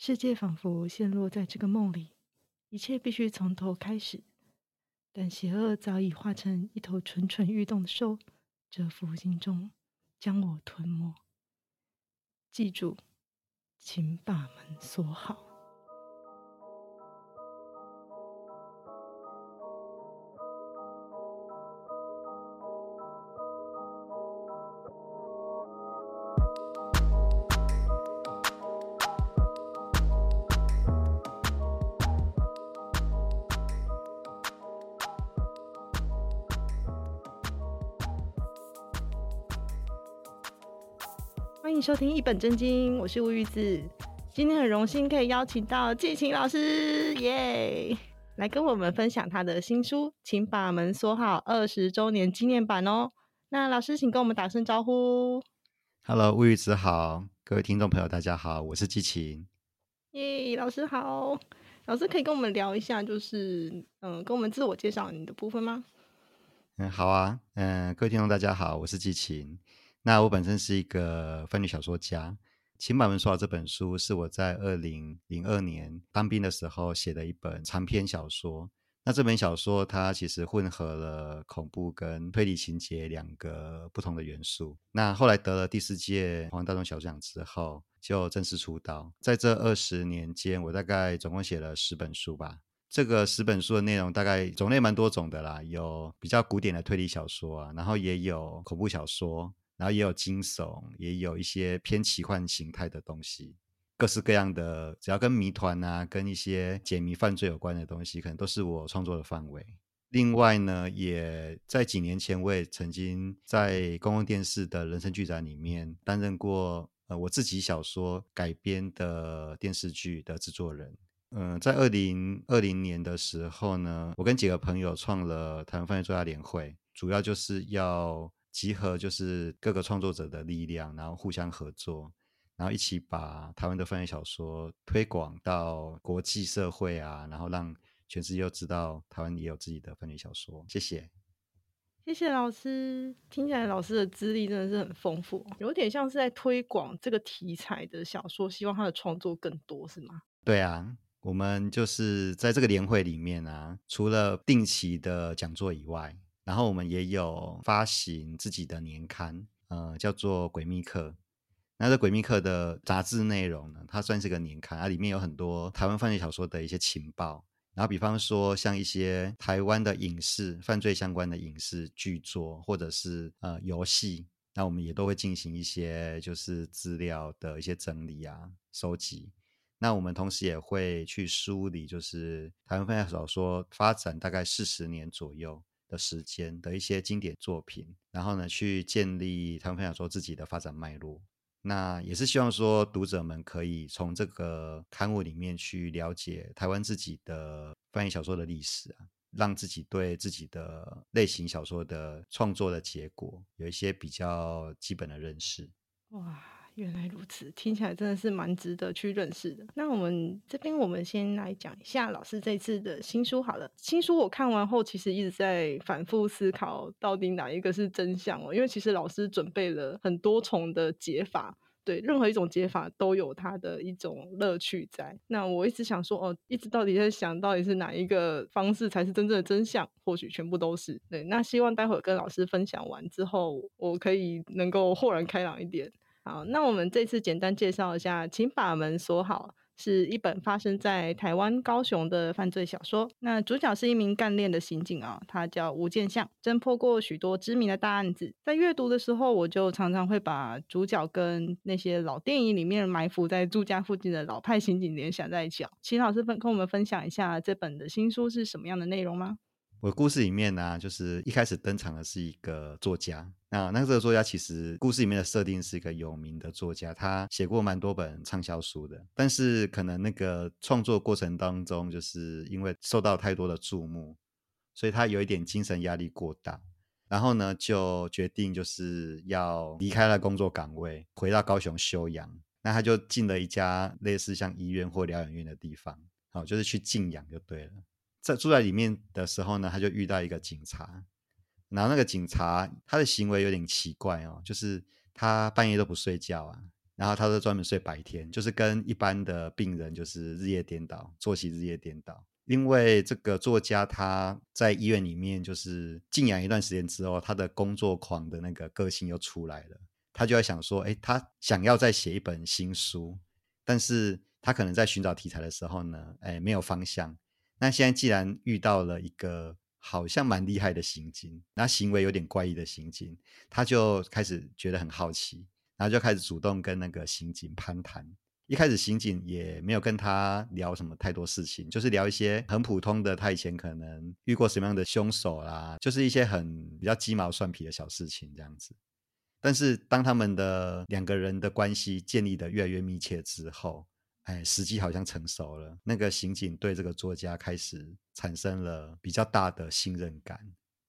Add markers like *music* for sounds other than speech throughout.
世界仿佛陷落在這個夢裡，一切必須從頭開始。但邪惡早已化成一頭蠢蠢欲動的獸，蟄伏心中，將我吞沒。記住，請把門鎖好。收聽一本朕經，我是烏魚子。今天很榮幸可以邀請到既晴老師，耶、yeah!，來跟我們分享他的新書《請把門鎖好》二十周年紀念版哦。那老師，請跟我們打聲招呼。Hello，烏魚子好，各位聽眾朋友大家好，我是既晴耶，yeah, 老師好，老師可以跟我們聊一下，就是嗯，跟我們自我介紹你的部分嗎？嗯，好啊，嗯，各位聽眾大家好，我是既晴。那我本身是一個犯罪小說家，《請把門鎖好》這本書是我在二零零二年當兵的時候寫的一本長篇小說。那這本小說它其實混合了恐怖跟推理情節兩個不同的元素。那後來得了第四屆皇冠大眾小說獎之後，就正式出道。在這二十年間，我大概總共寫了十本書吧。這個十本書的內容大概種類蠻多種的啦，有比較古典的推理小說啊，然後也有恐怖小說。然後也有驚悚，也有一些偏奇幻形態的東西，各式各樣的，只要跟謎團啊、跟一些解謎犯罪有關的東西，可能都是我創作的範圍。另外呢，也在幾年前我也曾經在公共電視的人生劇展裡面擔任過，呃，我自己小說改編的電視劇的制作人。嗯、呃，在二零二零年的時候呢，我跟幾個朋友創了台灣犯罪作家聯會，主要就是要。集合就是各個創作者的力量，然後互相合作，然後一起把台灣的犯罪小說推廣到國際社會啊，然後讓全世界都知道台灣也有自己的犯罪小說。謝謝，謝謝老師。聽起來老師的資歷真的是很豐富，有點像是在推廣這個題材的小說，希望他的創作更多是嗎？對啊，我們就是在這個年會裡面啊，除了定期的講座以外。然後我們也有發行自己的年刊，呃，叫做《詭秘客》。那這《詭秘客》的雜誌內容呢，它算是個年刊啊，它裡面有很多台灣犯罪小說的一些情報。然後，比方說像一些台灣的影視、犯罪相關的影視劇作，或者是呃遊戲，那我們也都會進行一些就是資料的一些整理啊、收集。那我們同時也會去梳理，就是台灣犯罪小說發展大概四十年左右。的時間的一些經典作品，然後呢，去建立台灣翻譯小說自己的發展脈絡。那也是希望說，讀者們可以從這個刊物裡面去了解台灣自己的翻譯小說的歷史啊，讓自己對自己的類型小說的創作的結果有一些比較基本的認識。哇。原來如此，聽起來真的是蠻值得去認識的。那我們這邊，我們先來講一下老師這次的新書好了。新書我看完後，其實一直在反覆思考，到底哪一個是真相哦？因為其實老師準備了很多重的解法，對，任何一種解法都有它的一種樂趣在。那我一直想說，哦，一直到底在想到底是哪一個方式才是真正的真相？或許全部都是，對。那希望待會兒跟老師分享完之後，我可以能夠豁然開朗一點。好，那我們這次簡單介紹一下，請把門鎖好，是一本發生在台灣高雄的犯罪小說。那主角是一名幹練的刑警啊、哦，他叫吳建相，偵破過許多知名的大案子。在閱讀的時候，我就常常會把主角跟那些老電影裡面埋伏在住家附近的老派刑警聯想在一起哦。請老師分，跟我們分享一下這本的新書是什麼樣的內容嗎？我故事裡面呢、啊，就是一開始登場的是一個作家。那那這個作家其實故事裡面的設定是一個有名的作家，他寫過蠻多本暢銷書的。但是可能那個創作過程當中，就是因為受到太多的注目，所以他有一點精神壓力過大。然後呢，就決定就是要離開了工作崗位，回到高雄休養。那他就進了一家類似像醫院或療養院的地方，好，就是去靜養就對了。在住在裡面的時候呢，他就遇到一個警察，然後那個警察他的行為有點奇怪哦，就是他半夜都不睡覺啊，然後他就專門睡白天，就是跟一般的病人就是日夜顛倒，作息日夜顛倒。因為這個作家他在醫院裡面就是靜養一段時間之後，他的工作狂的那個個性又出來了，他就在想說，欸，他想要再寫一本新書，但是他可能在尋找題材的時候呢，欸，沒有方向。那現在既然遇到了一個好像蠻厲害的刑警，那行為有點怪異的刑警，他就開始覺得很好奇，然後就開始主動跟那個刑警攀談。一開始刑警也沒有跟他聊什麼太多事情，就是聊一些很普通的，他以前可能遇過什麼樣的兇手啦，就是一些很比較雞毛蒜皮的小事情這樣子。但是當他們的兩個人的關係建立得越來越密切之後，哎，時機好像成熟了。那個刑警對這個作家開始產生了比較大的信任感，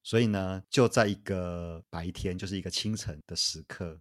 所以呢，就在一個白天，就是一個清晨的時刻，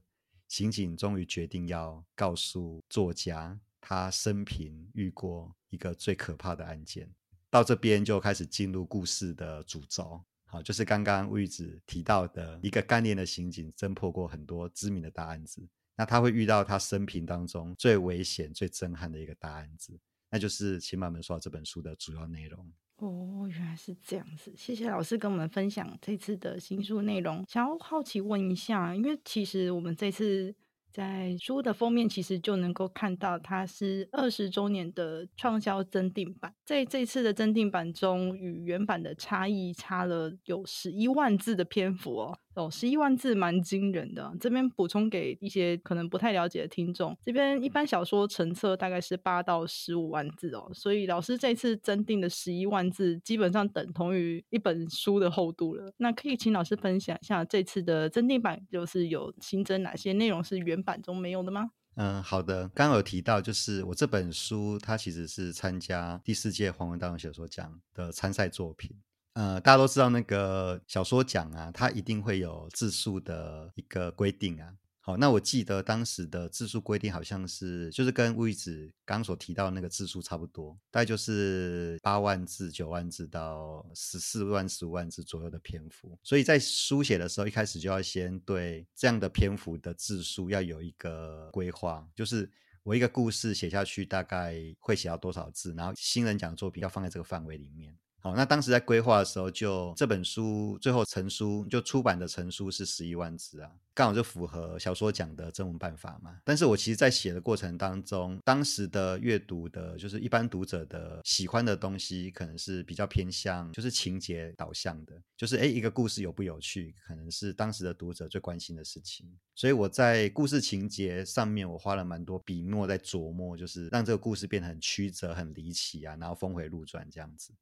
刑警終於決定要告訴作家他生平遇過一個最可怕的案件。到這邊就開始進入故事的主軸，好，就是剛剛魚子提到的一個幹練的刑警偵破過很多知名的大案子。那他會遇到他生平當中最危險、最震撼的一個大案子，那就是請把門鎖好這本書的主要內容。哦，原來是這樣子，謝謝老師跟我們分享這次的新書內容。想要好奇問一下，因為其實我們這次在書的封面其實就能夠看到，它是二十週年的暢銷增訂版。在這次的增訂版中，與原版的差異差了有十一萬字的篇幅哦。哦，十一萬字蠻驚人的。這邊補充給一些可能不太了解的聽眾，這邊一般小說成冊大概是八到十五萬字哦，所以老師這次增訂的十一萬字，基本上等同於一本書的厚度了。那可以請老師分享一下這次的增訂版，就是有新增哪些內容是原版中沒有的嗎？嗯，好的。剛剛有提到，就是我這本書它其實是參加第四屆皇冠大眾小說獎的參賽作品。呃，大家都知道那個小說獎啊，它一定會有字數的一個規定啊。好，那我記得當時的字數規定好像是，就是跟烏魚子剛所提到那個字數差不多，大概就是八萬字、九萬字到十四萬、十五萬字左右的篇幅。所以在書寫的時候，一開始就要先對這樣的篇幅的字數要有一個規劃，就是我一個故事寫下去大概會寫到多少字，然後新人獎作品要放在這個範圍裡面。好，那當時在規劃的時候，就這本書最後成書就出版的成書是十一萬字啊，剛好就符合小說獎的徵文辦法嘛。但是我其實，在寫的過程當中，當時的閱讀的，就是一般讀者的喜歡的東西，可能是比較偏向就是情節導向的，就是哎、欸，一個故事有不有趣，可能是當時的讀者最關心的事情。所以我在故事情節上面，我花了蠻多筆墨在琢磨，就是讓這個故事變得很曲折、很離奇啊，然後峰回路轉這樣子。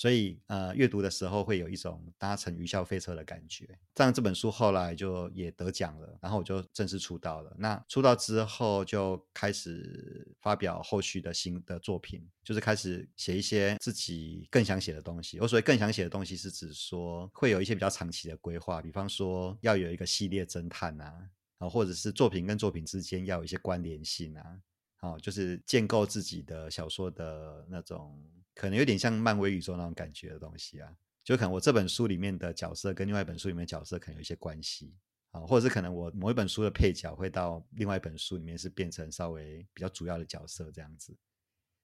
所以，呃，閱讀的時候會有一種搭乘雲霄飛車的感覺。這樣這本書後來就也得獎了，然後我就正式出道了。那出道之後就開始發表後續的新的作品，就是開始寫一些自己更想寫的東西。我所謂更想寫的東西，是指說會有一些比較長期的規劃，比方說要有一個系列偵探啊，或者是作品跟作品之間要有一些關聯性啊，哦，就是建構自己的小說的那種。可能有點像漫威宇宙那種感覺的東西啊，就可能我這本書裡面的角色跟另外一本書裡面的角色可能有一些關係啊，或者是可能我某一本書的配角會到另外一本書裡面是變成稍微比較主要的角色這樣子，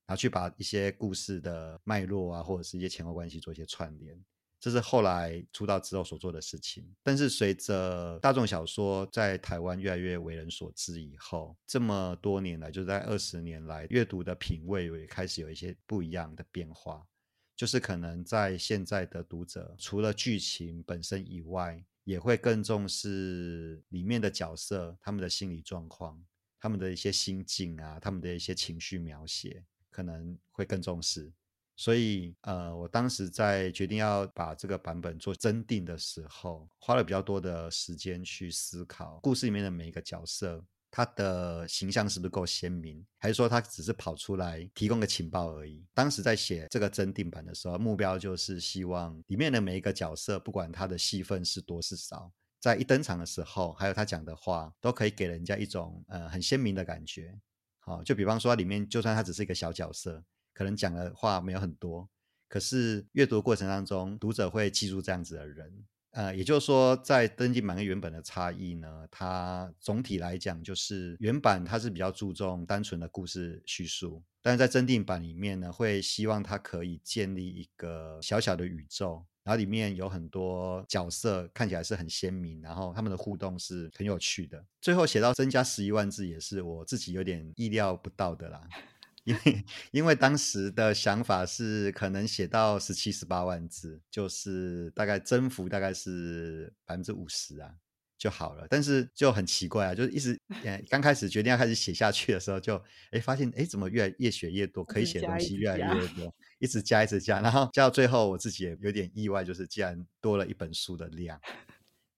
然後去把一些故事的脈絡啊，或者是一些前後關係做一些串聯。這是後來出道之後所做的事情。但是隨着大眾小說在台灣越來越為人所知以後，這麼多年來，就在二十年來，閱讀的品味也開始有一些不一樣的變化。就是可能在現在的讀者，除了劇情本身以外，也會更重視裡面的角色，他們的心理狀況，他們的一些心境啊，他們的一些情緒描寫，可能會更重視。所以，呃，我當時在決定要把這個版本做增訂的時候，花了比較多的時間去思考故事裡面的每一個角色，他的形象是不是夠鮮明，還是說他只是跑出來提供個情報而已。當時在寫這個增訂版的時候，目標就是希望裡面的每一個角色，不管他的戲份是多是少，在一登場的時候，還有他講的話，都可以給人家一種呃很鮮明的感覺。好、哦，就比方說裡面就算他只是一個小角色。可能講的話沒有很多，可是閱讀的過程當中，讀者會記住這樣子的人。呃，也就是說，在增訂版跟原本的差異呢，它總體來講就是原版它是比較注重單純的故事敘述，但是在增訂版裡面呢，會希望它可以建立一個小小的宇宙，然後裡面有很多角色看起來是很鮮明，然後他們的互動是很有趣的。最後寫到增加十一萬字，也是我自己有點意料不到的啦。 *laughs* 因為因為當時的想法是可能寫到十七十八萬字，就是大概增幅大概是百分之五十啊就好了。但是就很奇怪啊，就是一直 *laughs* 剛開始決定要開始寫下去的時候就，就哎發現哎怎麼越越寫越多，可以寫的東西越來越，越多，一， *laughs* 一直加一直加，然後加到最後我自己也有點意外，就是竟然多了一本書的量。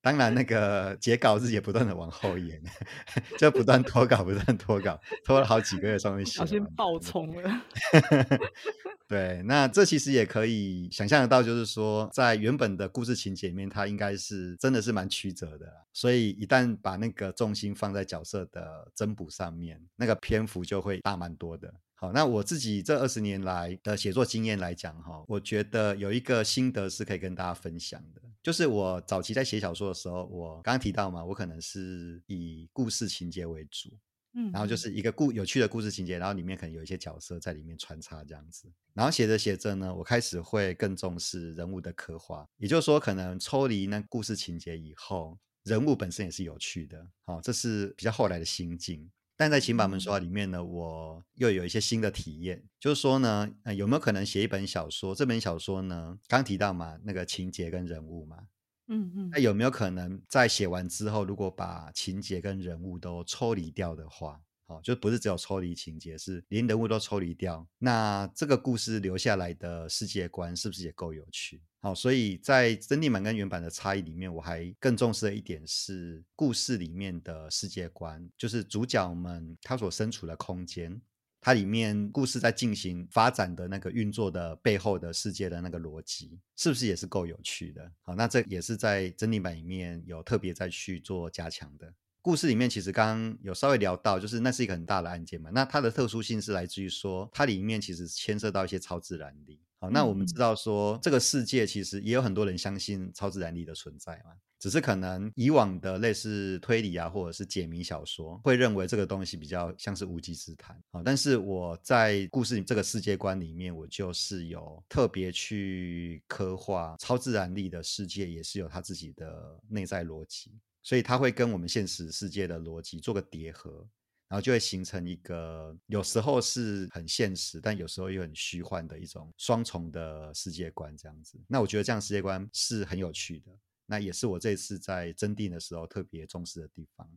當然，那個截稿日也不斷的往後延， *laughs* *laughs* 就不斷拖稿，不斷拖稿，拖了好幾個月，上面寫。我先爆衝了對。 *laughs* 對，那這其實也可以想象得到，就是說，在原本的故事情節裡面，它應該是真的是蠻曲折的，所以一旦把那個重心放在角色的增補上面，那個篇幅就會大蠻多的。好，那我自己這二十年來的寫作經驗來講，哈，我覺得有一個心得是可以跟大家分享的，就是我早期在寫小說的時候，我剛剛提到嘛，我可能是以故事情節為主。嗯，然後就是一個故有趣的故事情節，然後裡面可能有一些角色在裡面穿插這樣子，然後寫着寫着呢，我開始會更重視人物的刻畫，也就是說，可能抽離那故事情節以後，人物本身也是有趣的，好、哦，這是比較後來的心境。但在《請把門鎖好》裡面呢，嗯、我又有一些新的體驗，就是說呢、呃，有沒有可能寫一本小說？這本小說呢，剛提到嘛，那個情節跟人物嘛。嗯嗯，那、嗯、有沒有可能在寫完之後，如果把情節跟人物都抽離掉的話，哦，就不是只有抽離情節，是連人物都抽離掉，那這個故事留下來的世界觀是不是也夠有趣？好，所以在增訂版跟原版的差異裡面，我還更重視的一點是故事裡面的世界觀，就是主角們他所身處的空間。它裡面故事在進行發展的那個運作的背後的世界的那個邏輯，是不是也是夠有趣的？好，那這也是在真理版裡面有特別再去做加強的。故事裡面其實剛剛有稍微聊到，就是那是一個很大的案件嘛，那它的特殊性是來自於說它裡面其實牽涉到一些超自然力。好，那我們知道說，嗯、這個世界其實也有很多人相信超自然力的存在嘛，只是可能以往的類似推理啊，或者是解謎小說，會認為這個東西比較像是無稽之談啊。但是我在故事裡這個世界觀裡面，我就是有特別去刻畫超自然力的世界，也是有它自己的內在邏輯，所以它會跟我們現實世界的邏輯做個疊合。然後就會形成一個，有時候是很現實，但有時候又很虛幻的一種雙重的世界觀這樣子。那我覺得這樣的世界觀是很有趣的，那也是我這次在增訂的時候特別重視的地方。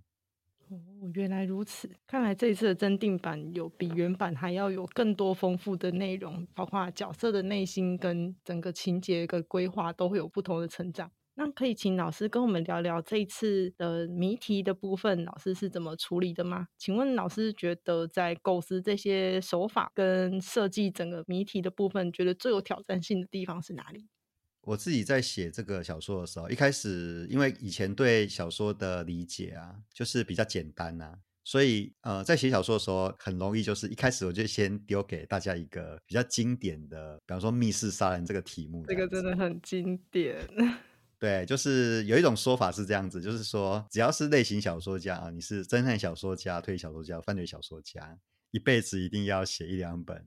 哦，原來如此，看來這一次的增訂版有比原版還要有更多豐富的內容，包括角色的內心跟整個情節跟規劃都會有不同的成長。那可以請老師跟我們聊聊這一次的謎題的部分，老師是怎麼處理的嗎？請問老師覺得在構思這些手法跟設計整個謎題的部分，覺得最有挑戰性的地方是哪裡？我自己在寫這個小說的時候，一開始因為以前對小說的理解啊，就是比較簡單吶、啊，所以呃，在寫小說的時候，很容易就是一開始我就先丟給大家一個比較經典的，比方說密室殺人這個題目這，這個真的很經典。對，就是有一種說法是這樣子，就是說，只要是類型小說家啊，你是偵探小說家、推理小說家、犯罪小說家，一輩子一定要寫一兩本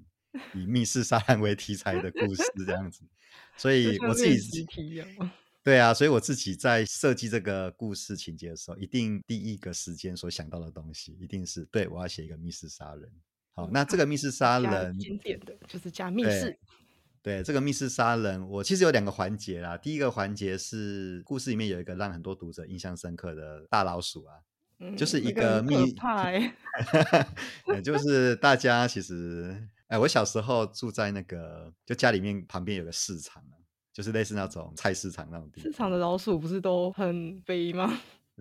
以密室殺人為題材的故事，這樣子。 *laughs* 所以我自己 *laughs* 對啊，所以我自己在設計這個故事情節的時候，一定第一個時間所想到的東西，一定是，對，我要寫一個密室殺人。好，那這個密室殺人經典的就是加密室。對這個密室殺人，我其實有兩個環節啦。第一個環節是故事裡面有一個讓很多讀者印象深刻的大老鼠啊，嗯、就是一個密派，也、欸、 *laughs* 就是大家其實，哎，我小時候住在那個，就家裡面旁邊有個市場、啊、就是類似那種菜市場那種地方。市場的老鼠不是都很肥嗎？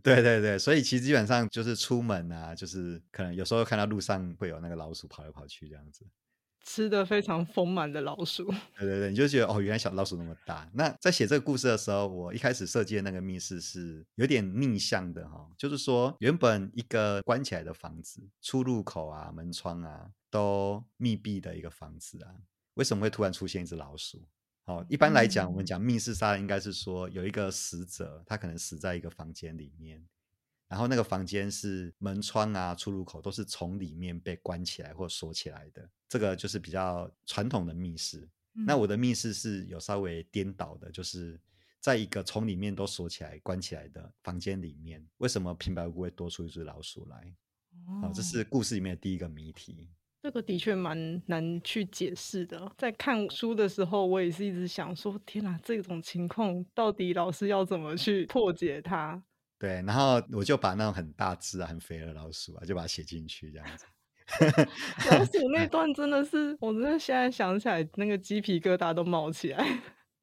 對對對，所以其實基本上就是出門啊，就是可能有時候看到路上會有那個老鼠跑來跑去這樣子。吃得非常豐滿的老鼠，對對對，你就覺得哦，原來小老鼠那麼大。那在寫這個故事的時候，我一開始設計的那個密室是有點逆向的哈、哦，就是說原本一個關起來的房子，出入口啊、門窗啊都密閉的一個房子啊，為什麼會突然出現一隻老鼠？哦，一般來講，嗯、我們講密室殺人，應該是說有一個死者，他可能死在一個房間裡面。然後那個房間是門窗啊、出入口都是從裡面被關起來或鎖起來的，這個就是比較傳統的密室。嗯、那我的密室是有稍微顛倒的，就是在一個從裡面都鎖起來、關起來的房間裡面，為什麼平白無故會多出一隻老鼠來？好、哦、這是故事裡面的第一個謎題。這個的確蠻難去解釋的。在看書的時候，我也是一直想說：天哪，這種情況到底老師要怎麼去破解它？嗯對，然後我就把那種很大只啊、很肥的老鼠啊，就把它寫進去，這樣子。 *laughs* 老鼠那段真的是，我真的現在想起來，那個雞皮疙瘩都冒起來。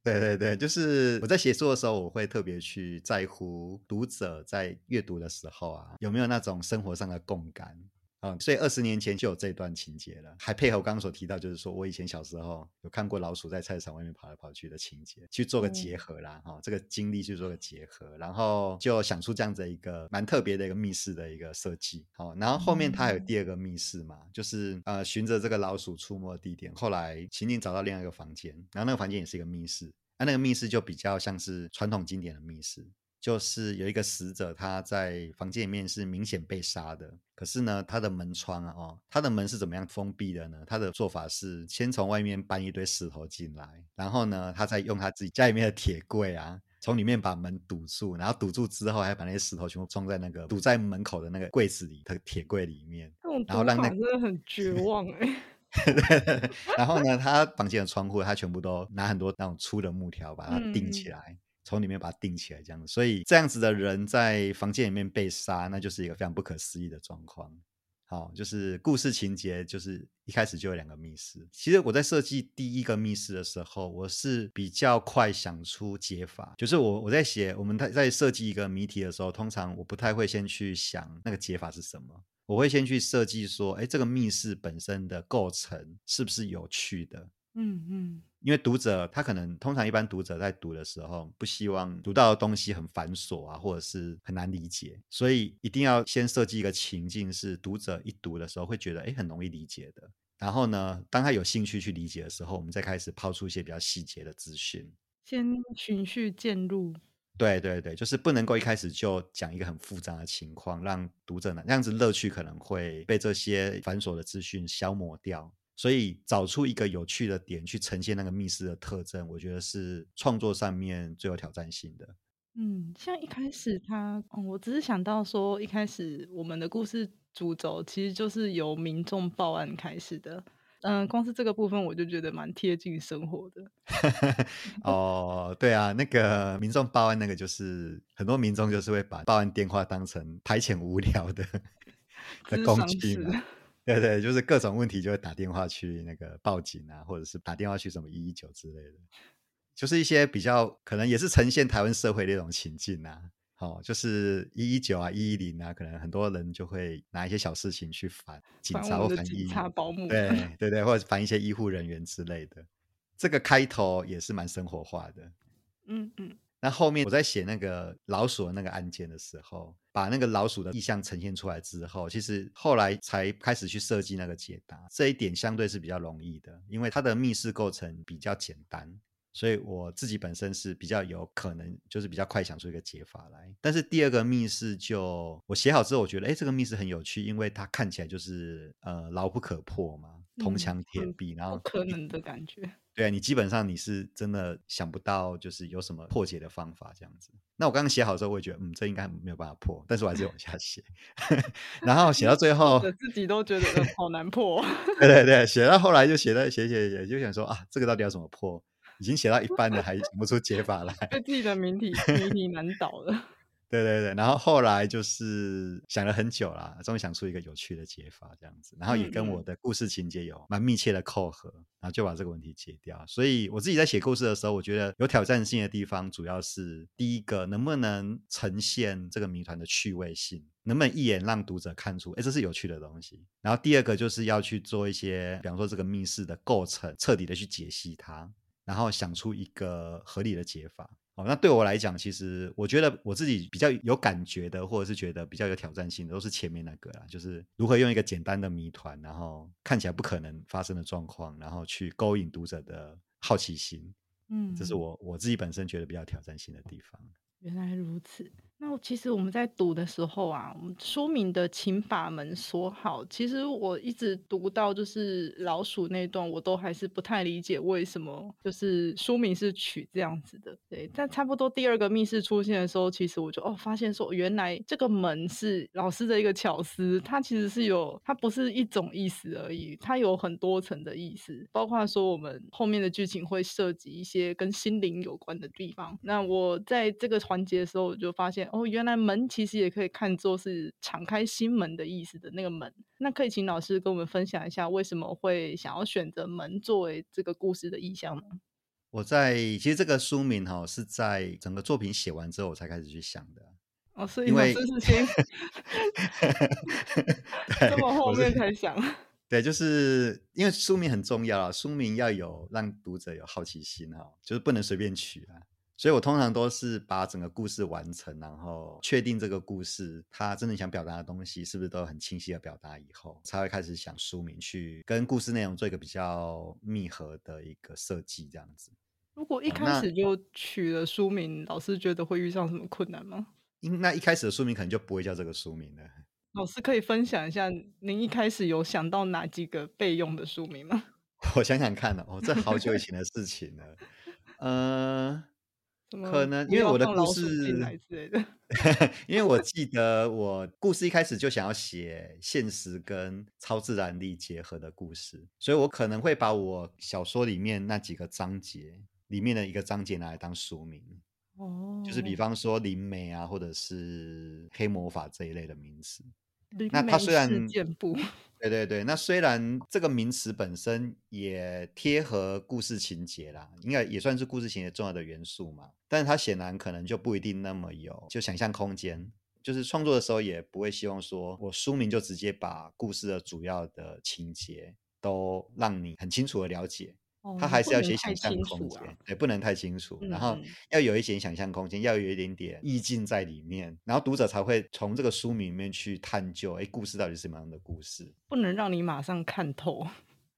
對對對，就是我在寫作的時候，我會特別去在乎讀者在閱讀的時候啊，有沒有那種生活上的共感。嗯，所以二十年前就有這段情節了，還配合我剛剛所提到，就是說我以前小時候有看過老鼠在菜市場外面跑來跑去的情節，去做個結合啦，哈、嗯，這個經歷去做個結合，然後就想出這樣子的一個蠻特別的一個密室的一個設計，好，然後後面它還有第二個密室嘛，嗯、就是呃，循着這個老鼠出沒的地點，後來秦嶺找到另外一個房間，然後那個房間也是一個密室，那、啊、那個密室就比較像是傳統經典的密室。就是有一個死者，他在房間裡面是明顯被殺的，可是呢，他的門窗啊，哦，他的門是怎麼樣封閉的呢？他的做法是先從外面搬一堆石頭進來，然後呢，他再用他自己家裡面的鐵櫃啊，從裡面把門堵住，然後堵住之後，還把那些石頭全部裝在那個堵在門口的那個櫃子裡的鐵櫃裡面。然後讓那種、個、真的很絕望哎、欸 *laughs* 。然後呢，他房間的窗戶，他全部都拿很多那種粗的木條把它釘起來。嗯從裡面把它釘起來，這樣子，所以這樣子的人在房間裡面被殺，那就是一個非常不可思議的狀況。好，就是故事情節，就是一開始就有兩個密室。其實我在設計第一個密室的時候，我是比較快想出解法。就是我我在寫我們在，在設計一個謎題的時候，通常我不太會先去想那個解法是什麼，我會先去設計說，哎，這個密室本身的構成是不是有趣的？嗯嗯。嗯因為讀者他可能通常一般讀者在讀的時候，不希望讀到的東西很繁瑣啊，或者是很難理解，所以一定要先設計一個情境，是讀者一讀的時候會覺得哎，很容易理解的。然後呢，當他有興趣去理解的時候，我們再開始拋出一些比較細節的資訊，先循序漸入。對對對，就是不能夠一開始就講一個很複雜的情況，讓讀者呢，這樣子樂趣可能會被這些繁瑣的資訊消磨掉。所以找出一個有趣的點去呈現那個密室的特徵，我覺得是創作上面最有挑戰性的。嗯，像一開始他，哦、我只是想到說，一開始我們的故事主軸其實就是由民眾報案開始的。嗯、呃，光是這個部分我就覺得蠻貼近生活的。 *laughs* 哦，對啊，那個民眾報案，那個就是很多民眾就是會把報案電話當成排遣無聊的工具。 *laughs* 對對，就是各種問題就會打電話去那個報警啊，或者是打電話去什麼一一九之類的，就是一些比較可能也是呈現台灣社會的那種情境啊。哦，就是一一九啊、一一零啊，可能很多人就會拿一些小事情去煩警察或煩警察、保姆，對對對，或者煩一些醫護人員之類的。 *laughs* 這個開頭也是蠻生活化的，嗯嗯。嗯那後面我在寫那個老鼠的那個案件的時候，把那個老鼠的意象呈現出來之後，其實後來才開始去設計那個解答。這一點相對是比較容易的，因為它的密室構成比較簡單，所以我自己本身是比較有可能，就是比較快想出一個解法來。但是第二個密室就我寫好之後，我覺得哎，這個密室很有趣，因為它看起來就是呃牢不可破嘛，銅牆鐵壁，嗯、然後不可能的感覺。對啊，你基本上你是真的想不到，就是有什麼破解的方法這樣子。那我剛剛寫好之後，我會覺得嗯，這應該沒有辦法破，但是我還是往下寫。 *laughs* *laughs* 然後寫到最後， *laughs* 自己都覺得好難破。 *laughs* 對對對，寫到後來就寫到寫寫寫寫，就想說啊，這個到底要怎麼破？已經寫到一半了，還想不出解法來，被自己的謎題謎題難倒了。對對對，然後後來就是想了很久啦，終於想出一個有趣的解法，這樣子，然後也跟我的故事情節有蠻密切的扣合，然後就把這個問題解掉。所以我自己在寫故事的時候，我覺得有挑戰性的地方，主要是第一個，能不能呈現這個謎團的趣味性，能不能一眼讓讀者看出，誒，這是有趣的東西。然後第二個就是要去做一些，比方說這個密室的構成，徹底的去解析它，然後想出一個合理的解法。那對我來講，其實我覺得我自己比較有感覺的，或者是覺得比較有挑戰性的，都是前面那個啦，就是如何用一個簡單的謎團，然後看起來不可能發生的狀況，然後去勾引讀者的好奇心。嗯，這是我我自己本身覺得比較挑戰性的地方。原來如此。那其實我們在讀的時候啊，我們書名的請把門鎖好。其實我一直讀到就是老鼠那段，我都還是不太理解為什麼就是書名是取這樣子的。對，但差不多第二個密室出現的時候，其實我就哦發現說，原來這個門是老師的一個巧思，它其實是有它不是一種意思而已，它有很多層的意思，包括說我們後面的劇情會涉及一些跟心靈有關的地方。那我在這個環節的時候，我就發現。哦，原來門其實也可以看作是敞開心門的意思的那個門。那可以請老師跟我們分享一下，為什麼會想要選擇門作為這個故事的意象呢？我在其實這個書名哈、哦，是在整個作品寫完之後我才開始去想的。哦，是因為這事情？哦、這麼後面才想？想對，就是因為書名很重要、啊，書名要有讓讀者有好奇心哈、啊，就是不能隨便取啊。所以，我通常都是把整個故事完成，然後確定這個故事他真的想表達的東西是不是都很清晰的表達以後，才會開始想書名，去跟故事內容做一個比較密合的一個設計，這樣子。如果一開始就取了書名，嗯、老師覺得會遇上什麼困難嗎？那一開始的書名可能就不會叫這個書名了。老師可以分享一下，您一開始有想到哪幾個備用的書名嗎？我想想看呢、哦，哦，這好久以前的事情了， *laughs* 呃。可能因為我的故事，因為我記得我故事一開始就想要寫現實跟超自然力結合的故事，所以我可能會把我小說裡面那幾個章節裡面的一個章節拿來當書名哦，就是比方說靈媒啊，或者是黑魔法這一類的名詞。那它雖然，對對對，那雖然這個名詞本身也貼合故事情節啦，應該也算是故事情節重要的元素嘛，但是它顯然可能就不一定那麼有，就想象空間，就是創作的時候也不會希望說我書名就直接把故事的主要的情節都讓你很清楚的了解。哦啊、他還是要寫想象空間，啊、對，不能太清楚，嗯、然後要有一些想象空間，要有一點點意境在裡面，然後讀者才會從這個書名裡面去探究，哎，故事到底是什麼樣的故事？不能讓你馬上看透。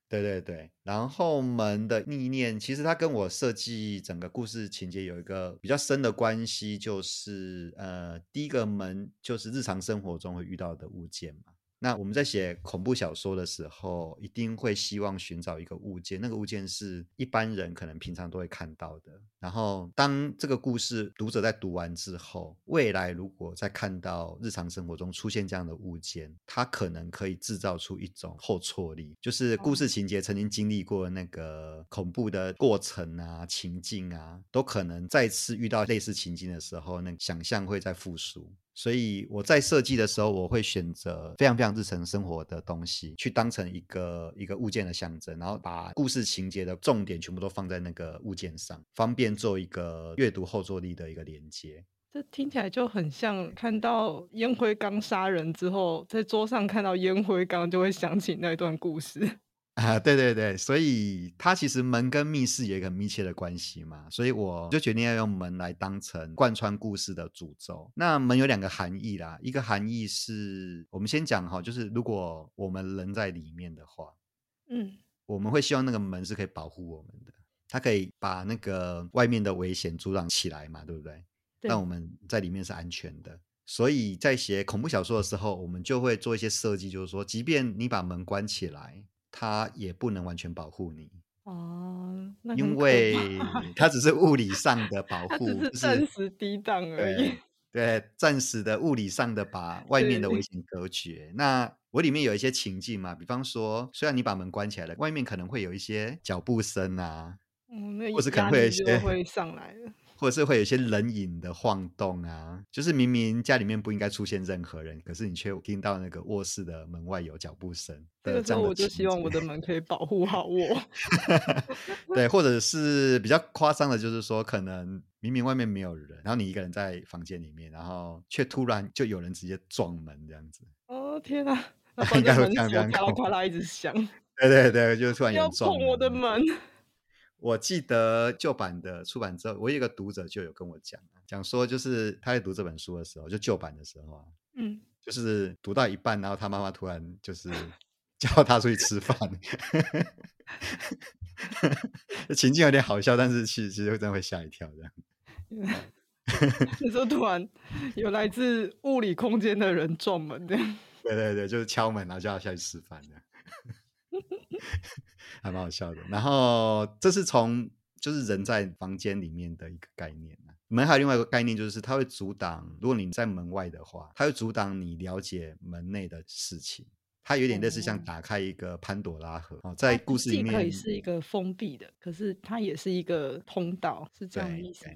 對對對，然後門的意念，其實它跟我設計整個故事情節有一個比較深的關係，就是呃，第一個門就是日常生活中會遇到的物件嘛。那我們在寫恐怖小說的時候，一定會希望尋找一個物件，那個物件是一般人可能平常都會看到的。然後，當這個故事讀者在讀完之後，未來如果再看到日常生活中出現這樣的物件，它可能可以製造出一種後挫力，就是故事情節曾經經歷過那個恐怖的過程啊、情境啊，都可能再次遇到類似情境的時候，那想象會再復甦。所以我在設計的時候，我會選擇非常非常日常生活的東西，去當成一個一個物件的象徵，然後把故事情節的重點全部都放在那個物件上，方便做一個閱讀後坐力的一個連接。這聽起來就很像看到菸灰缸殺人之後，在桌上看到菸灰缸就會想起那段故事。啊，對對對，所以它其實門跟密室也有一個很密切的關係嘛，所以我就決定要用門來當成貫穿故事的主軸。那門有兩個含義啦，一個含義是我們先講哈、哦，就是如果我們人在裡面的話，嗯，我們會希望那個門是可以保護我們的，它可以把那個外面的危險阻擋起來嘛，對不對？對，讓我們在裡面是安全的。所以在寫恐怖小說的時候，嗯、我們就會做一些設計，就是說，即便你把門關起來。它也不能完全保護你哦，那因為它只是物理上的保護， *laughs* 只是暫時抵擋而已，就是對。對，暫時的物理上的把外面的危險隔絕。那我裡面有一些情境嘛，比方說，雖然你把門關起來了，外面可能會有一些腳步聲啊，嗯，那或是可能會有一些，嗯，一會上來了或者是會有一些人影的晃動啊，就是明明家裡面不應該出現任何人，可是你卻聽到那個臥室的門外有腳步聲。對，那我就希望我的門可以保護好我。 *laughs* *laughs* 對，或者是比較誇張的，就是說可能明明外面沒有人，然後你一個人在房間裡面，然後卻突然就有人直接撞門這樣子。哦、呃、天啊！那應該會這樣這樣啦，一直響。對對對，就突然有人撞要撞我的門。我記得舊版的出版之後，我一個讀者就有跟我講，講說就是他在讀這本書的時候，就舊版的時候啊，嗯，就是讀到一半，然後他媽媽突然就是叫他出去吃飯， *laughs* *laughs* 情境有點好笑，但是其實其實真的會嚇一跳這樣。那時候突然有來自物理空間的人撞門這樣。 *laughs* 對對對，就是敲門然後叫他下去吃飯這樣。 *laughs* 還蠻好笑的。然後這是從就是人在房間裡面的一個概念。門還有另外一個概念，就是它會阻擋。如果你在門外的話，它會阻擋你了解門內的事情。它有點類似像打開一個潘多拉盒、哦哦、在故事裡面它可以是一個封閉的，可是它也是一個通道，是這樣的意思。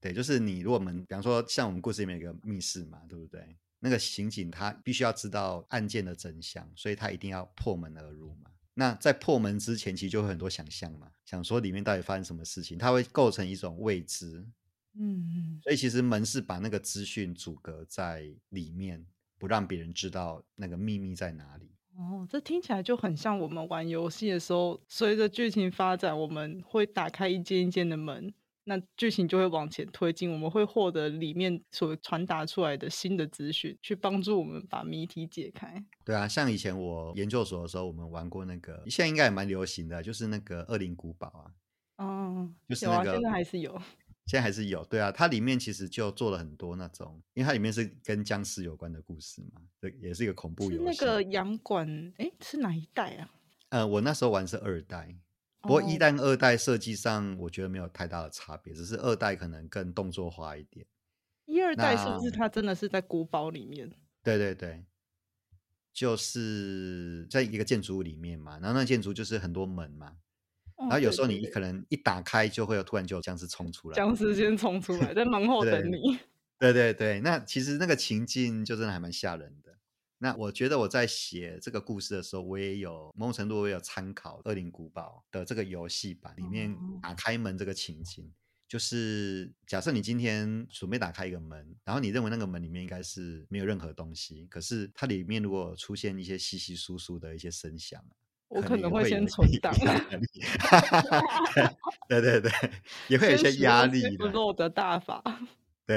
對，就是你如果門，比方說像我們故事裡面有一個密室嘛，對不對？那個刑警他必須要知道案件的真相，所以他一定要破門而入嘛。那在破門之前，其實就會很多想象嘛，想說裡面到底發生什麼事情，它會構成一種未知。嗯嗯，所以其實門是把那個資訊阻隔在裡面，不讓別人知道那個秘密在哪裡。哦，這聽起來就很像我們玩遊戲的時候，隨着劇情發展，我們會打開一間一間的門。那劇情就會往前推進，我們會獲得裡面所傳達出來的新的資訊，去幫助我們把謎題解開。對啊，像以前我研究所的時候，我們玩過那個，現在應該也蠻流行的，就是那個《惡靈古堡》啊。哦，就是那個、有啊，現在還是有。現在還是有，對啊，它裡面其實就做了很多那種，因為它裡面是跟殭屍有關的故事嘛，對，也是一個恐怖遊戲。是那個洋館，哎、欸，是哪一代啊？呃，我那時候玩是二代。不過一代跟二代設計上，我覺得沒有太大的差別，哦、只是二代可能更動作化一點。一、二代是不是它真的是在古堡裡面？對對對，就是在一個建築物裡面嘛，然後那建築就是很多門嘛，哦、然後有時候你可能一打開，就會有突然就有僵屍衝出來，僵屍先衝出來，在門後等你。 *laughs* 對,對對對，那其實那個情境就真的還蠻嚇人的。那我覺得我在寫這個故事的時候，我也有某種程度也有參考《惡靈古堡》的這個遊戲版裡面打開門這個情景，就是假設你今天準備打開一個門，然後你認為那個門裡面應該是沒有任何東西，可是它裡面如果出現一些稀稀疏疏的一些聲響，可我可能會先存檔。 *laughs* *laughs* 對。對對對，也會有一些壓力。不漏的大法。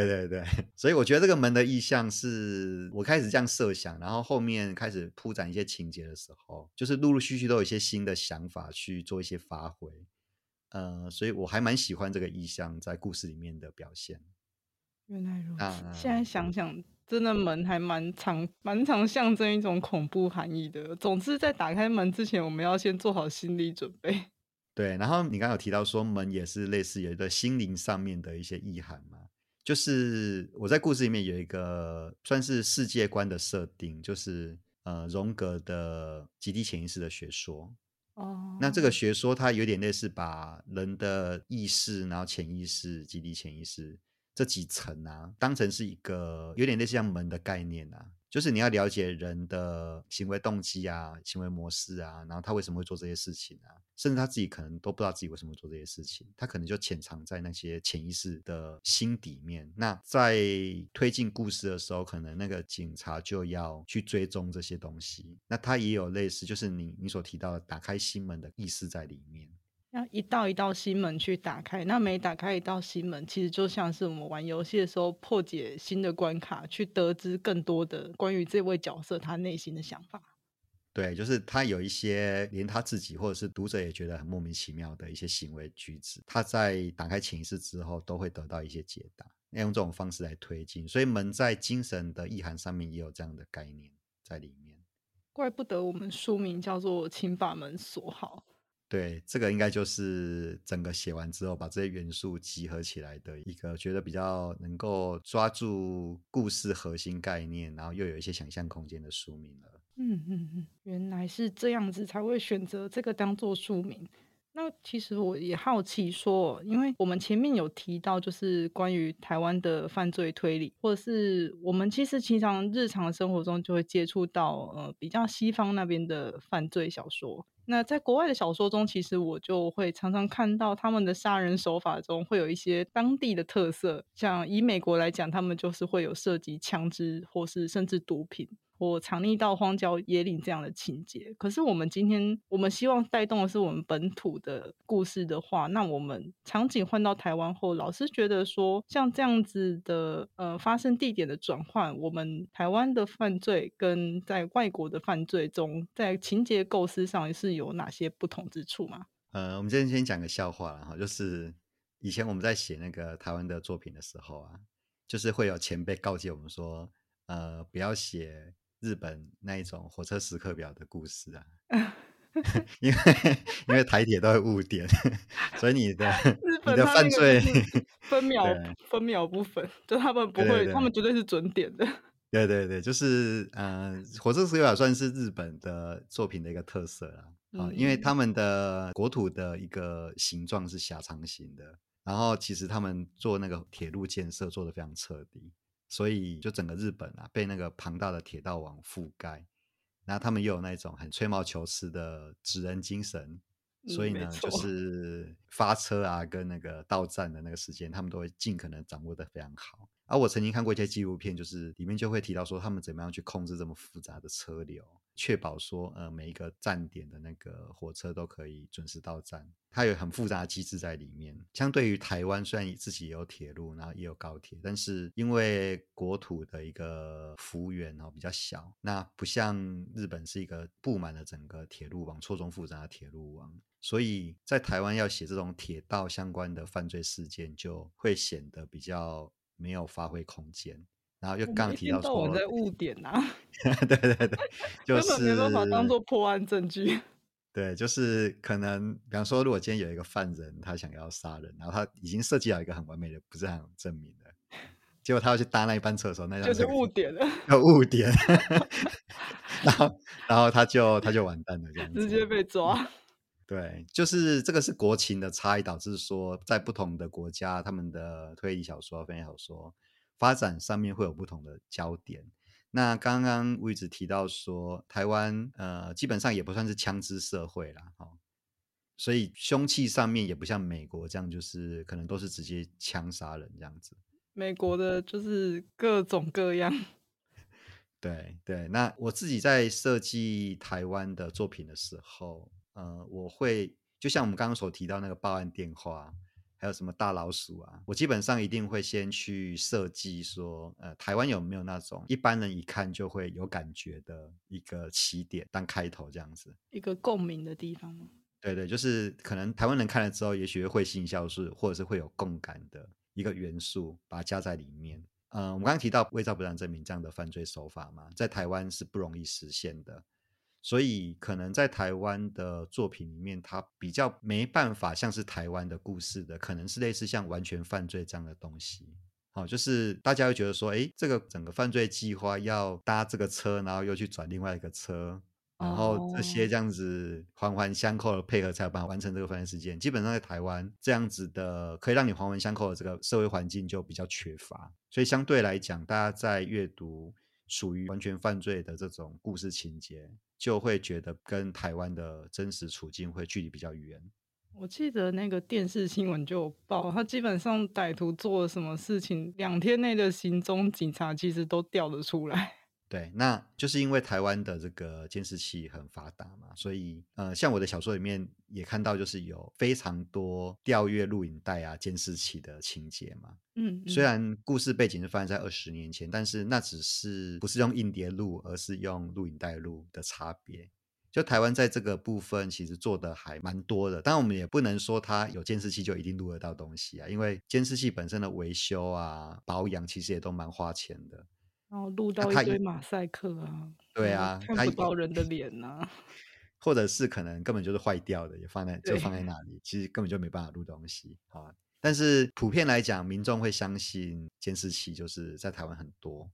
對對對，所以我覺得這個門的意象是我開始這樣設想，然後後面開始鋪展一些情節的時候，就是陸陸續續都有一些新的想法去做一些發揮，呃，所以我還蠻喜歡這個意象在故事裡面的表現。原來如此，啊、現在想想，嗯、真的門還蠻常，蠻常，象徵一種恐怖含義的。總之，在打開門之前，我們要先做好心理準備。對，然後你剛剛有提到說門也是類似有一個心靈上面的一些意涵嘛。就是我在故事裡面有一個算是世界觀的設定，就是呃榮格的集體潛意識的學說哦。Oh. 那這個學說它有點類似把人的意識，然後潛意識、集體潛意識這幾層啊，當成是一個有點類似像門的概念啊。就是你要了解人的行為動機啊，行為模式啊，然後他為什麼會做這些事情啊？甚至他自己可能都不知道自己為什麼做這些事情，他可能就潛藏在那些潛意識的心底面。那在推進故事的時候，可能那個警察就要去追蹤這些東西。那他也有類似，就是你你所提到的打開心門的意思在裡面。那一道一道心門去打開，那每打開一道心門，其實就像是我們玩遊戲的時候破解新的關卡，去得知更多的關於這位角色他內心的想法。對，就是他有一些連他自己或者是讀者也覺得很莫名其妙的一些行為舉止，他在打開潛意識之後都會得到一些解答。要用這種方式來推進，所以門在精神的意涵上面也有這樣的概念在裡面。怪不得我們書名叫做《請把門鎖好》。對，這個應該就是整個寫完之後，把這些元素集合起來的一個，覺得比較能夠抓住故事核心概念，然後又有一些想象空間的書名了。嗯嗯嗯，原來是這樣子才會選擇這個當作書名。那其實我也好奇說，因為我們前面有提到，就是關於台灣的犯罪推理，或者是我們其實經常日常生活中就會接觸到，呃，比較西方那邊的犯罪小說。那在國外的小說中，其實我就會常常看到他們的殺人手法中會有一些當地的特色，像以美國來講，他們就是會有涉及槍支，或是甚至毒品。我藏匿到荒郊野嶺這樣的情節，可是我們今天，我們希望帶動的是我們本土的故事的話，那我們場景換到台灣後，老師覺得說像這樣子的呃發生地點的轉換，我們台灣的犯罪跟在外國的犯罪中，在情節構思上是有哪些不同之處嗎？呃，我們今天先講個笑話啦哈，就是以前我們在寫那個台灣的作品的時候啊，就是會有前輩告誡我們說，呃，不要寫。日本那一種火車時刻表的故事啊 *laughs* 因、因為因為台鐵都會誤點，所以你的你的犯罪分秒 *laughs* 對分秒不分，就他們不會，對對對他們絕對是準點的。對對對，就是嗯、呃，火車時刻表算是日本的作品的一個特色啊，嗯、因為他們的國土的一個形狀是狹長型的，然後其實他們做那個鐵路建設做得非常徹底。所以就整個日本啊，被那個龐大的鐵道網覆蓋，然後他們又有那種很吹毛求疵的職人精神，嗯、所以呢，沒錯，就是發車啊跟那個到站的那個時間，他們都會盡可能掌握得非常好。啊，我曾經看過一些紀錄片，就是裡面就會提到說他們怎麼樣去控制這麼複雜的車流。確保說，呃，每一個站點的那個火車都可以準時到站，它有很複雜的機制在裡面。相對於台灣，雖然自己也有鐵路，然後也有高鐵，但是因為國土的一個幅員哦比較小，那不像日本是一個布滿了整個鐵路網、錯綜複雜的鐵路網，所以在台灣要寫這種鐵道相關的犯罪事件，就會顯得比較沒有發揮空間。然後又剛，剛提到說，誤點吶、啊。 *laughs* 對對對，對，就是沒法當做破案證據。對，對，就是可能，比方說，如果今天有一個犯人，他想要殺人，然後他已經設計了一個很完美的、不是很有證明的，結果他要去搭那一班車的時候，就是誤點了，誤污點。 *laughs* 然後，然後他就他就完蛋了，這樣直接被抓。對，就是這個是國情的差異導致說，在不同的國家，他們的推理小說、犯罪小說。發展上面會有不同的焦點。那剛剛我一直提到說，台灣呃基本上也不算是槍支社會啦，哦。所以凶器上面也不像美國這樣，就是可能都是直接槍殺人這樣子。美國的就是各種各樣。 *laughs* 對對，那我自己在設計台灣的作品的時候，呃，我會就像我們剛剛所提到那個報案電話。還有什麼大老鼠啊？我基本上一定會先去設計說，呃，台灣有沒有那種一般人一看就會有感覺的一個起點當開頭，這樣子一個共鳴的地方嗎？對對，就是可能台灣人看了之後，也許會心一笑，或者是會有共感的一個元素，把它加在裡面。嗯、呃，我們剛剛提到偽造不祥證明這樣的犯罪手法嘛，在台灣是不容易實現的。所以，可能在台灣的作品裡面，它比較沒辦法像是台灣的故事的，可能是類似像完全犯罪這樣的東西。好、哦，就是大家會覺得說，哎、欸，這個整個犯罪計劃要搭這個車，然後又去轉另外一個車，oh. 然後這些這樣子環環相扣的配合，才有辦法完成這個犯罪事件。基本上在台灣這樣子的可以讓你環環相扣的這個社會環境就比較缺乏，所以相對來講，大家在閱讀屬於完全犯罪的這種故事情節，就會覺得跟台灣的真實處境會距離比較遠。我記得那個電視新聞就有報，他基本上歹徒做了什麼事情，兩天內的行蹤，警察其實都調得出來。對，那就是因為台灣的這個監視器很發達嘛，所以呃，像我的小說裡面也看到，就是有非常多調閱錄影帶啊、監視器的情節嘛。嗯，嗯，雖然故事背景是發生在二十年前，但是那只是不是用硬碟錄，而是用錄影帶錄的差別。就台灣在這個部分其實做的還蠻多的，但我們也不能說它有監視器就一定錄得到東西啊，因為監視器本身的維修啊、保養其實也都蠻花錢的。哦，錄到一堆馬賽克啊！對啊，看不到人的臉吶，啊， *laughs* 或者是可能根本就是壞掉的，也放在對就放在那裡，其實根本就沒辦法錄東西，好吧。但是普遍來講，民眾會相信監視器就是在台灣很多，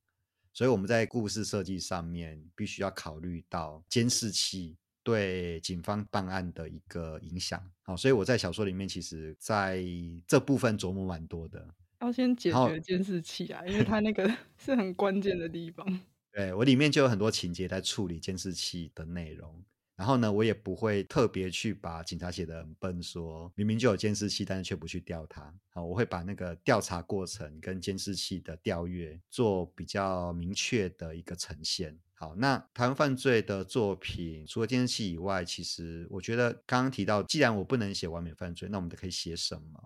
所以我們在故事設計上面必須要考慮到監視器對警方辦案的一個影響。好，所以我在小說裡面其實在這部分琢磨蠻多的。要先解決監視器啊，然後 因為它那個是很關鍵的地方 *laughs* 對。對我裡面就有很多情節在處理監視器的內容，然後呢，我也不會特別去把警察寫的很笨說，說明明就有監視器，但是卻不去調它。好，我會把那個調查過程跟監視器的調閱做比較明確的一個呈現。好，那台灣犯罪的作品除了監視器以外，其實我覺得剛剛提到，既然我不能寫完美犯罪，那我們可以寫什麼？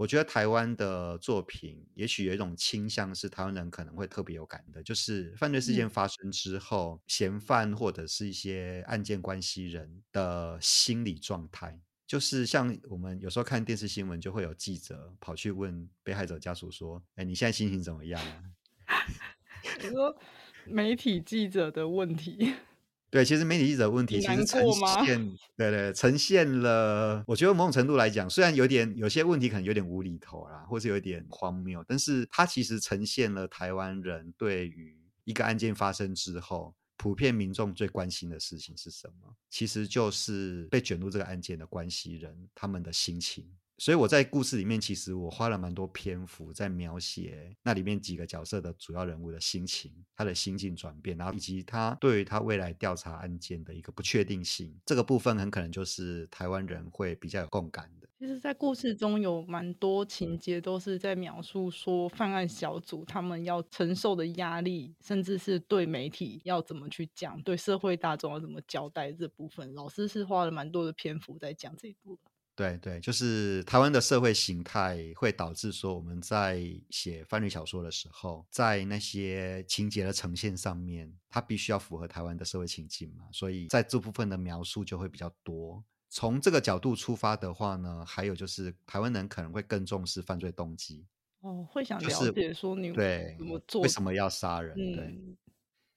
我覺得台灣的作品，也許有一種傾向是台灣人可能會特別有感的，就是犯罪事件發生之後，嗯、嫌犯或者是一些案件關係人的心理狀態。就是像我們有時候看電視新聞，就會有記者跑去問被害者家屬說：“哎，你現在心情怎麼樣啊？” *laughs* 我說：“媒體記者的問題。 *laughs* ”對，其實媒體記者問題其實呈現，對對，呈現了。我覺得某種程度來講，雖然有點有些問題可能有點無厘頭啦，或者有點荒謬，但是它其實呈現了台灣人對於一個案件發生之後，普遍民眾最關心的事情是什麼？其實就是被捲入這個案件的關係人，他們的心情。所以我在故事裡面，其實我花了蠻多篇幅在描寫那裡面幾個角色的主要人物的心情，他的心境轉變，然後以及他對於他未來調查案件的一個不確定性，這個部分很可能就是台灣人會比較有共感的。其實，在故事中有蠻多情節都是在描述說，犯案小組他們要承受的壓力，甚至是對媒體要怎麼去講，對社會大眾要怎麼交代這部分，老師是花了蠻多的篇幅在講這一部分。對對，就是台灣的社會形態會導致說，我們在寫犯罪小說的時候，在那些情節的呈現上面，它必須要符合台灣的社會情境嘛，所以在這部分的描述就會比較多。從這個角度出發的話呢，還有就是台灣人可能會更重視犯罪動機。哦，會想了解說你、就是、怎麼做、對，為什麼要殺人？嗯、對。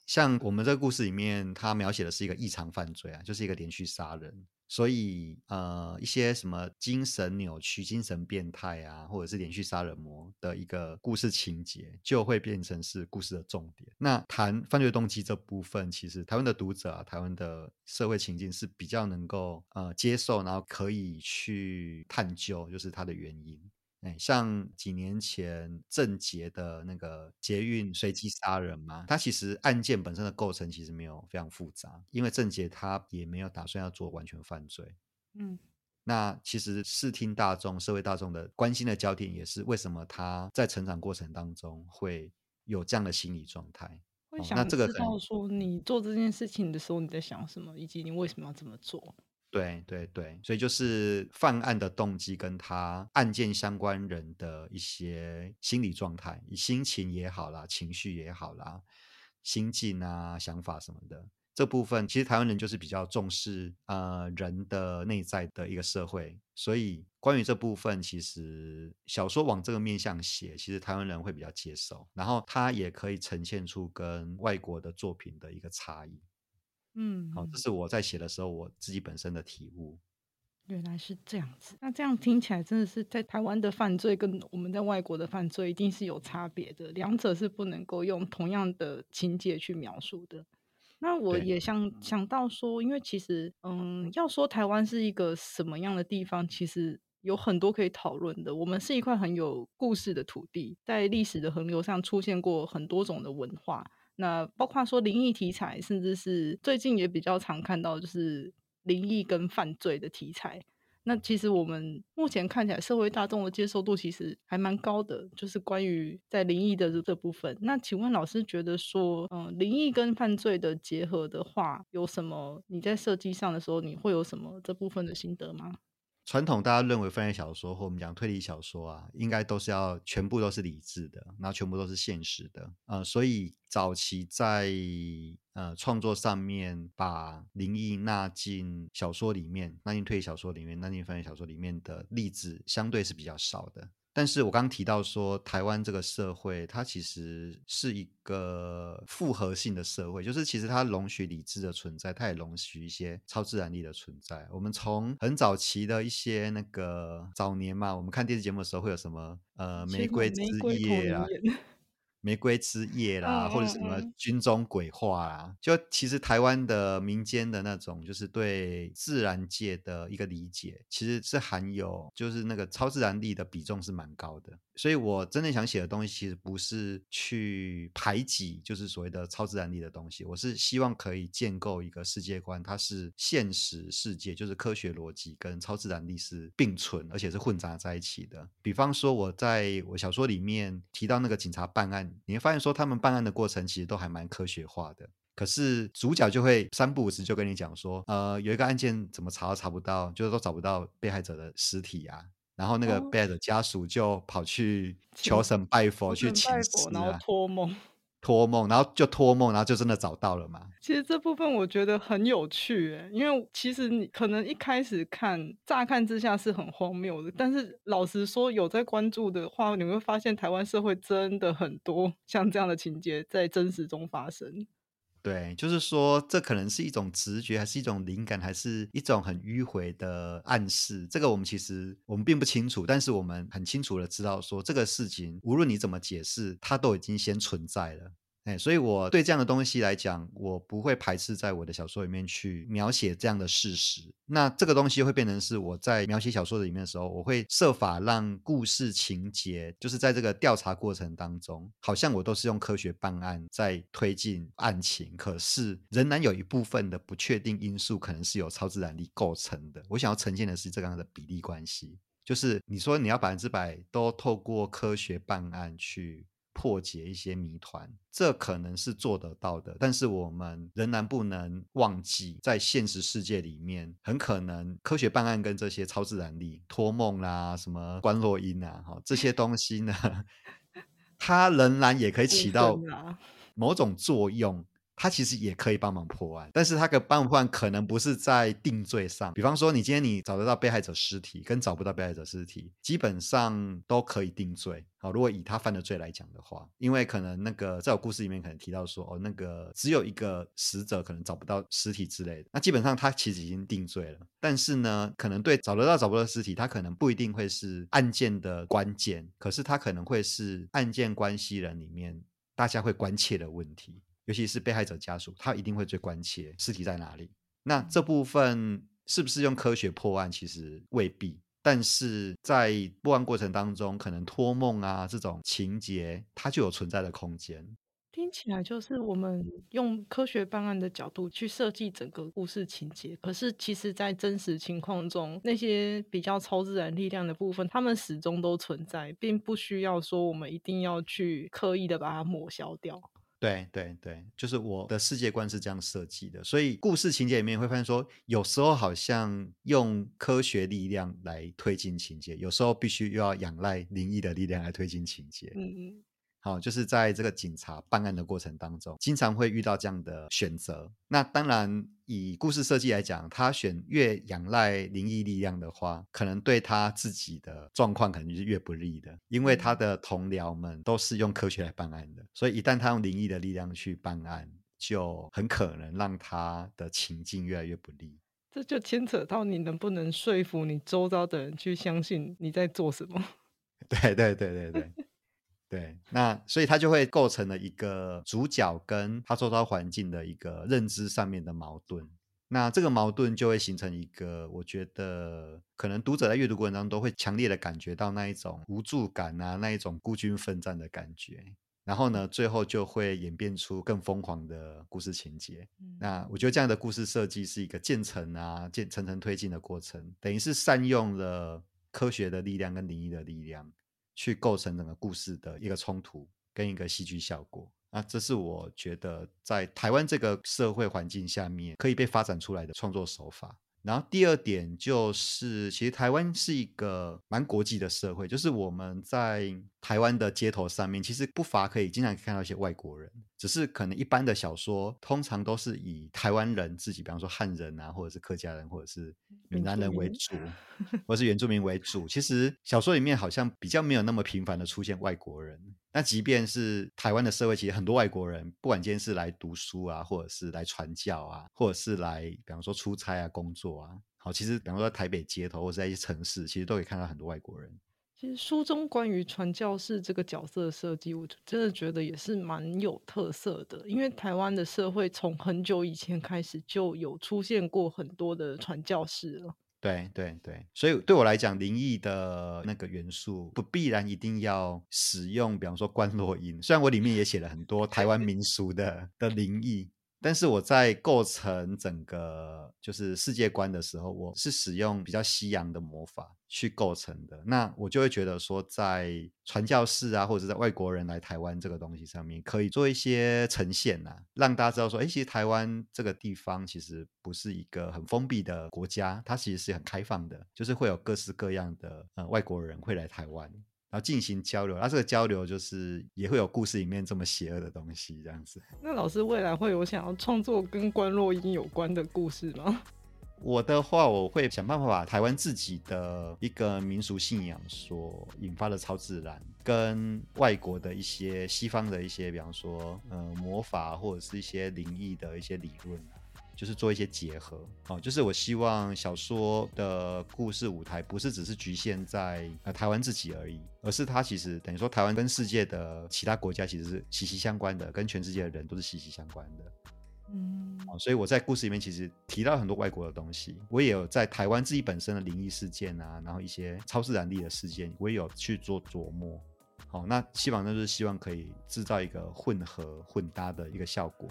像我們這個故事裡面，它描寫的是一個異常犯罪啊，就是一個連續殺人，所以呃，一些什麼精神扭曲、精神變態啊，或者是連續殺人魔的一個故事情節，就會變成是故事的重點。那談犯罪動機這部分，其實台灣的讀者啊，台灣的社會情境是比較能夠呃接受，然後可以去探究，就是它的原因。像幾年前鄭捷的那個捷運隨機殺人嘛，他其實案件本身的構成其實沒有非常複雜，因為鄭捷他也沒有打算要做完全犯罪。嗯，那其實視聽大眾、社會大眾的關心的焦點也是為什麼他在成長過程當中會有這樣的心理狀態。我想知道說你做這件事情的時候你在想什麼，以及你為什麼要這麼做？對對對，所以就是犯案的動機跟他案件相關人的一些心理狀態、心情也好啦、情緒也好啦、心境啊、想法什麼的這部分，其實台灣人就是比較重視呃人的內在的一個社會，所以關於這部分，其實小說往這個面向寫，其實台灣人會比較接受，然後它也可以呈現出跟外國的作品的一個差異。嗯，好，這是我在寫的時候我自己本身的體悟。原來是這樣子，那這樣聽起來真的是在台灣的犯罪跟我們在外國的犯罪一定是有差別的，兩者是不能夠用同樣的情節去描述的。那我也想對想到說，因為其實，嗯，要說台灣是一個什麼樣的地方，其實有很多可以討論的。我們是一塊很有故事的土地，在歷史的洪流上出現過很多種的文化。那包括說靈異題材，甚至是最近也比較常看到，就是靈異跟犯罪的題材。那其實我們目前看起來，社會大眾的接受度其實還蠻高的，就是關於在靈異的這部分。那請問老師覺得說，嗯、呃，靈異跟犯罪的結合的話，有什麼？你在設計上的時候，你會有什麼這部分的心得嗎？傳統大家認為，犯罪小說或我們講推理小說啊，應該都是要全部都是理智的，然後全部都是現實的，呃，所以早期在呃創作上面，把靈異納進小說裡面，納進推理小說裡面，納進犯罪小說裡面的例子，相對是比較少的。但是我剛剛提到說，台灣這個社會，它其實是一個複合性的社會，就是其實它容許理智的存在，它也容許一些超自然力的存在。我們從很早期的一些那個早年嘛，我們看電視節目的時候會有什麼呃玫瑰之夜啊。玫瑰之夜啦，或者什麼軍中鬼話啦，就其實台灣的民間的那種，就是對自然界的一個理解，其實是含有就是那個超自然力的比重是蠻高的。所以我真的想寫的東西，其實不是去排擠就是所謂的超自然力的東西，我是希望可以建構一個世界觀，它是現實世界，就是科學邏輯跟超自然力是並存，而且是混雜在一起的。比方說，我在我小說裡面提到那個警察辦案。你會發現，說他們辦案的過程其實都還蠻科學化的，可是主角就會三不五時就跟你講說，呃，有一個案件怎麼查都查不到，就是說找不到被害者的屍體啊，然後那個被害者家屬就跑去求神拜佛去請神，啊，托夢。托夢，然後就托夢，然後就真的找到了嘛？其實這部分我覺得很有趣，欸，哎，因為其實你可能一開始看，乍看之下是很荒謬的，但是老實說，有在關注的話，你會發現台灣社會真的很多像這樣的情節在真實中發生。對，就是說，這可能是一種直覺，還是一種靈感，還是一種很迂迴的暗示。這個我們其實我們並不清楚，但是我們很清楚的知道說這個事情，無論你怎麼解釋，它都已經先存在了。哎、欸，所以我對這樣的東西來講，我不會排斥在我的小說裡面去描寫這樣的事實。那這個東西會變成是我在描寫小說裡面的時候，我會設法讓故事情節，就是在這個調查過程當中，好像我都是用科學辦案在推進案情，可是仍然有一部分的不確定因素可能是由超自然力構成的。我想要呈現的是這樣的比例關係，就是你說你要百分之百都透過科學辦案去，破解一些謎團，這可能是做得到的。但是我們仍然不能忘記，在現實世界裡面，很可能科學辦案跟這些超自然力、托夢啦、什麼觀落陰啊，哈，這些東西呢，它仍然也可以起到某種作用。他其實也可以幫忙破案，但是他可幫不破可能不是在定罪上。比方說，你今天你找得到被害者屍體，跟找不到被害者屍體，基本上都可以定罪。好、哦，如果以他犯的罪來講的話，因為可能那個在我故事裡面可能提到說，哦，那個只有一個死者可能找不到屍體之類的，那基本上他其實已經定罪了。但是呢，可能對找得到、找不到屍體，他可能不一定會是案件的關鍵，可是他可能會是案件關係人裡面大家會關切的問題。尤其是被害者家屬，他一定會最關切屍體在哪裡。那這部分是不是用科學破案？其實未必。但是在破案過程當中，可能托夢啊這種情節，它就有存在的空間。聽起來就是我們用科學辦案的角度去設計整個故事情節。可是，其實在真實情況中，那些比較超自然力量的部分，他們始終都存在，並不需要說我們一定要去刻意的把它抹消掉。對對對，就是我的世界觀是這樣設計的，所以故事情節裡面會發現說，有時候好像用科學力量來推進情節，有時候必須又要仰賴靈異的力量來推進情節。嗯。好、哦，就是在這個警察辦案的過程當中，經常會遇到這樣的選擇。那當然，以故事設計來講，他選越仰賴靈異力量的話，可能對他自己的狀況可能是越不利的，因為他的同僚們都是用科學來辦案的，所以一旦他用靈異的力量去辦案，就很可能讓他的情境越來越不利。這就牽扯到你能不能說服你周遭的人去相信你在做什麼？對對對對對。對對對對 *laughs* 對，那所以他就會構成了一個主角跟他周遭環境的一個認知上面的矛盾，那這個矛盾就會形成一個，我覺得可能讀者在閱讀過程當中都會強烈的感覺到那一種無助感啊，那一種孤軍奮戰的感覺，然後呢，最後就會演變出更瘋狂的故事情節。嗯，那我覺得這樣的故事設計是一個漸層啊，漸層層推進的過程，等於是善用了科學的力量跟靈異的力量。去構成整個故事的一個衝突跟一個戲劇效果，那這是我覺得在台灣這個社會環境下面可以被發展出來的創作手法。然後第二點就是，其實台灣是一個蠻國際的社會，就是我們在。台灣的街頭上面，其實不乏可以經常看到一些外國人，只是可能一般的小說通常都是以台灣人自己，比方說漢人啊，或者是客家人，或者是閩南人為主，或者是原住民為主。 *laughs* 其實小說裡面好像比較沒有那麼頻繁的出現外國人。那即便是台灣的社會，其實很多外國人，不管今天是來讀書啊，或者是來傳教啊，或者是來比方說出差啊、工作啊，好，其實比方說在台北街頭或者在一些城市，其實都可以看到很多外國人。其實書中關於傳教士這個角色設計，我真的覺得也是蠻有特色的。因為台灣的社會從很久以前開始就有出現過很多的傳教士了。對對對，所以對我來講，靈異的那個元素不必然一定要使用，比方說觀落陰。雖然我裡面也寫了很多台灣民俗的對的靈異，但是我在構成整個就是世界觀的時候，我是使用比較西洋的魔法。去構成的，那我就會覺得說，在傳教士啊，或者是在外國人來台灣這個東西上面，可以做一些呈現啊，讓大家知道說，誒、欸，其實台灣這個地方其實不是一個很封閉的國家，它其實是很開放的，就是會有各式各樣的呃外國人會來台灣，然後進行交流，那這個交流就是也會有故事裡面這麼邪惡的東西這樣子。那老師未來會有想要創作跟觀落陰有關的故事嗎？我的話，我會想辦法把台灣自己的一個民俗信仰所引發的超自然，跟外國的一些西方的一些，比方說，呃，魔法或者是一些靈異的一些理論，就是做一些結合。哦，就是我希望小說的故事舞台不是只是侷限在，呃，台灣自己而已，而是它其實等於說台灣跟世界的其他國家其實是息息相關的，跟全世界的人都是息息相關的。嗯，所以我在故事裡面其實提到很多外國的東西，我也有在台灣自己本身的靈異事件啊，然後一些超自然力的事件，我也有去做琢磨。好，那希望就是希望可以制造一個混合混搭的一個效果。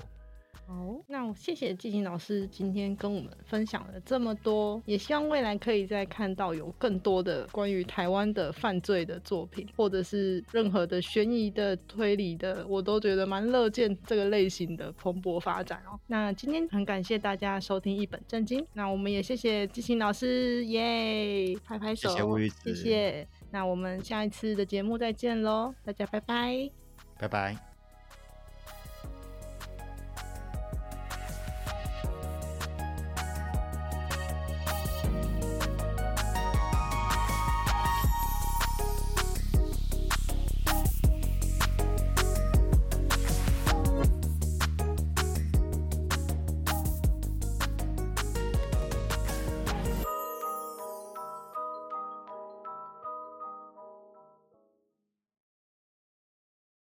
好，那我謝謝既晴老師今天跟我們分享了這麼多，也希望未來可以再看到有更多的關於台灣的犯罪的作品，或者是任何的懸疑的、推理的，我都覺得蠻樂見這個類型的蓬勃發展哦。那今天很感謝大家收聽一本朕經，那我們也謝謝既晴老師，耶、yeah!，拍拍手，謝謝，謝謝。那我們下一次的節目再見嘍，大家拜拜，拜拜。